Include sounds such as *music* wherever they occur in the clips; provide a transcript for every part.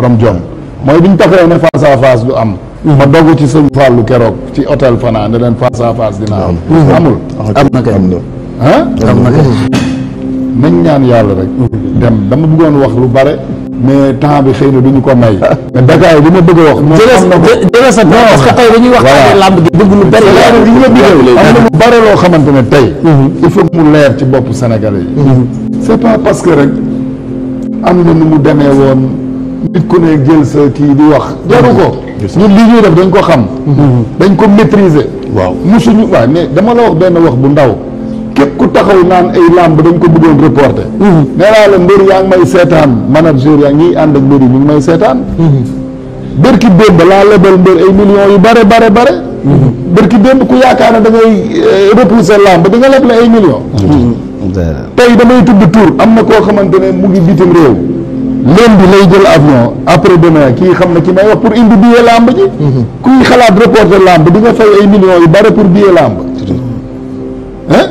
borom jom mooy bi ñu taxawee ne face à du am. Mhm. ma dogu ci sëñ Fallou keroog ci hôtel Fana ne leen face à face dina am. Mhm. Mhm. Ah, na lu bare. mais temps bi xëy na ko may. *laughs* mais Dakar yi li ma bëgg a wax. jërëjëf sa parce que tey dañuy wax. làmb gi bëgg lu bëri. am na lu bare loo xamante tey. il faut mu leer ci bopp Sénégalais yi. c'est pas parce rek am na nu mu demee woon. nit ku ne jël sa kii di wax jaru ko ñun li ñuy def dañ ko xam mhm. dañ ko maîtriser waaw musuñu waaw mais dama la wax benn wax bu ndaw képp ku taxaw naan ay làmb dañ ko bëggoon reporter mhm. nee naa la mbër yaa ngi may seetaan manager yaa ngi ànd ak mbër yi ñu ngi may seetaan mhm. bërki démb laa lebal mbër ay millions yu bare bare bare bërki démb ku yaakaar ne da ngay eh, repousser làmb da nga leb la ay millions tey damay tudd tur am na koo xamante ne mu ngi bitim réew lundi lay jël avion après demain kii xam na ki may wax pour indi billet lamb ji. Mhm. kuy xalaat reporter lamb di nga fay ay millions yu bare pour billet lamb. ah.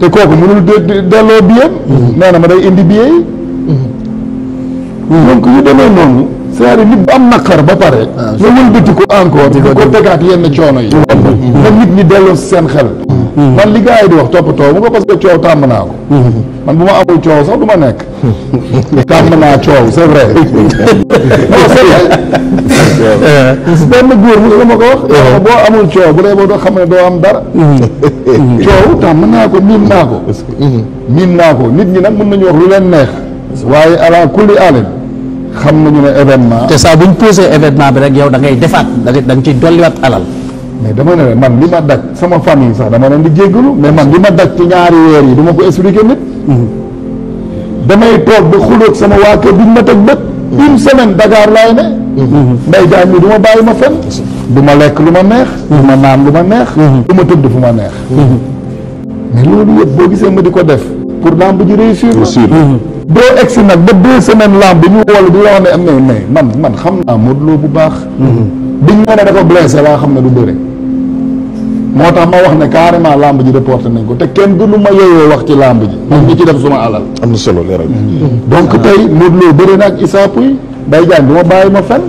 te kooku mënul delloo bi mhm. nee na ma day indi billet yi. donc ñu demee noonu. c'est-à-dire nit bu am naqar ba pare. Ah, nga wëlbati ko encore. di ko tegaat yenn coono yi. nit ñi delloo seen xel. Mm-hmm. man li gars yi di wax toppatoo mu nga parce coow tàmm naa ko. Mm-hmm. man bu ma amul coow sax du nekk. *laughs* tàmm naa coow c'est vrai. *laughs* non *laughs* benn góor mu dama ko wax. Uh-huh. Ah, boo amul coow bu dee boo doo xam ne doo am dara. Mm-hmm. coow tàmm naa ko miin naa ko. miin naa ko nit ñi nag mën nañu wax lu leen neex. waaye ala kulli alin xam nañu ne événement. te saa bu ñu posé événement bi rek yow da ngay defaat da nga ciy dolliwaat alal. mais dama ne man lima ma daj sama famille sax dama len di djeglu mais man lima ma daj ci ñaari wër yi du ko expliquer nit damay tok ba xulok sama waa kër duñ ma teg bët une semaine dagar lay ne nday jaay mi duma bayima bàyyi ma fen du ma lekk neex duma ma luma neex duma tudd tëdd fu ma neex mais lolu yëpp bo gisee ma diko def pour lamb ji réussir do egsi nak ba deux semaines lamb ñu wol du wax ne am mais man man xam naa Modou Lo bu baax mm-hmm. biñ ma ne dafa blessé la xam ne du bëre moo tax ma wax ne carrément làmb ji reporté nañ ko te kenn gënu ma yeyoo wax ci làmb ji. man ñi ci def suma alal. am na solo leeral donc ah. tey Modou Lo bëri na ak Issa Pouye Mbaye Diagne du ma bàyyi ma fen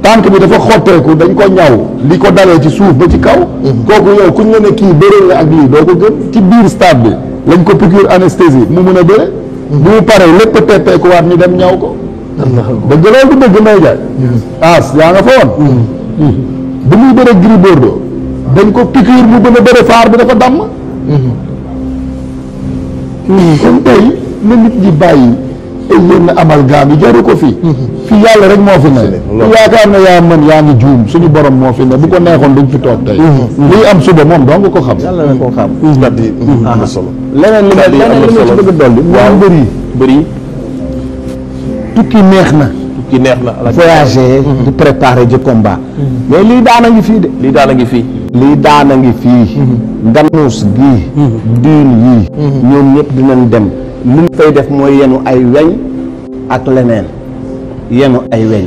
tànk bi dafa xotteeku dañ ko ñaw li ko dalee ci suuf ba ci kaw. Mhm. kooku yow kuñ la ne kii bëri la ak lii doo ko gën ci biir stade bi lañ ko piqûre anesthésie mu mën a bëre. Mhm. bu mu paree lépp a teppeeku waat ñu dem ñaw ko. dëgg loolu du dëgg Mbaye Diagne. Mhm. as yaa nga fa woon. bu muy bëre Gris dañ ko piqûre mu gën a bëri faar bi dafa damm. kon tey na nit ñi bàyyi yenn amalgame yi jaru ko fi. fi yàlla rek moo fi ne. yaakaar na yaa mën yaa ngi juum suñu borom moo fi ne bu ko neexoon duñ fi toog tey. Mm-hmm. Mm-hmm. liy am suba moom dong ko xam. yàlla na ko xam. Mm-hmm. am na solo. leneen li ma leneen li ma ci bëgg a dolli. waaw bëri bëri. tukki neex na. tukki neex na. voyager. di préparer ji combat. mais lii daana ngi fii de. lii daana ngi fii. daan a ngi fii nganuus mhm. gii mhm. diin yii mhm. ñoom ñëpp dinañ dem lu ñu fay def mooy yenu ay weñ ak leneen yenu ay weñ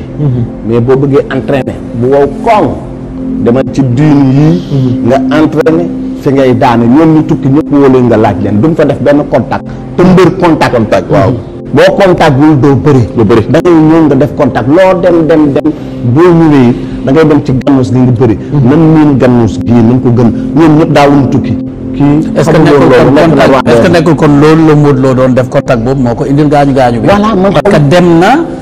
mais boo bëggee entraîner bu wow koŋ demal ci diin yii nga entraîner fi ngay daane ñoom ñu tukki ñëpp wóole nga laaj leen du mu fa def benn contact te mbër contact waaw boo contact bul doo bëri. doo bëri da ngay ñëw nga def contact loo dem dem dem boo ñëwee it da ngay dem ci gannus gi nga bëri. Mhm. nan miin gannus gii nan ko gën ñoom ñëpp daawuñu tukki. kii xamul woon loolu nekk kon loolu la Modou loo doon def contact boobu moo ko indil gaañu gaañu bi. voilà parce que dem na.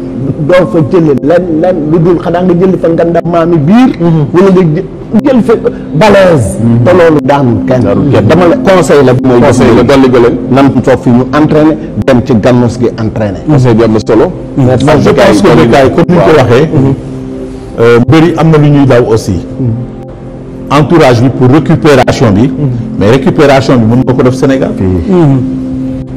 doo fa jëlee lenn lenn lu dul xanaa nga jël fa ngandam maami biir. Mhm. wala nga jël fa balaise. Mhm. te loolu daanu kenn. dama la conseil la. fi ñu entraîné dem ci gannus gi entraîné. conseil bi am na solo. Mhm. merci je pense que béykat comme ni ko waxee. Euh, mbëri am na lu ñuy daw aussi. entourage bi pour récupération bi. mais récupération bi mën nga ko def Sénégal.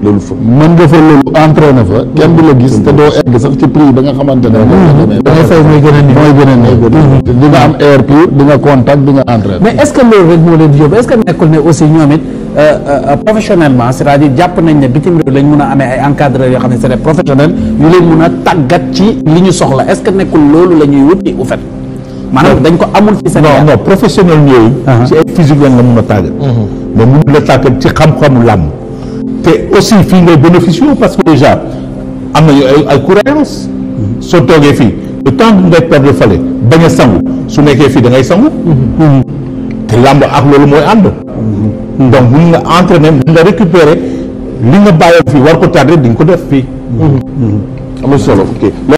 loolu fa mën nga fa loolu entraîné fa kenn du la gis te doo egg sax ci prix ba nga xamante ne dangay fay mooy gën a néew mooy gën a di nga am air pur di nga contact di nga entraîné mais est ce que loolu rek moo leen yóbbu est ce que nekkul ne aussi ñoom it euh, euh, professionnellement c' est à dire jàpp nañ ne bitim réew lañ mun a amee ay encadreurs yoo xam ne c' est des professionnels yu leen mun a tàggat ci li ñu soxla est ce que nekkul loolu la wuti au fait maanaam dañ ko amul ci seen non non professionnel yooyu uh-huh. ci ay physique lañ la mun a mais mm-hmm. mun la tàggat ci xam-xamu làmb te aussi fi ngay bénéficié parce que déjà am nañu ay ay croyances soo toogee fii le temps que ngay perdre fale bañ a sangu su nekkee fii da ngay sangu te làmb ak loolu mooy ànd donc mun nga entraîner mun nga récupérer li nga bàyyi fii war ko tardé di nga ko def fii am na solo ok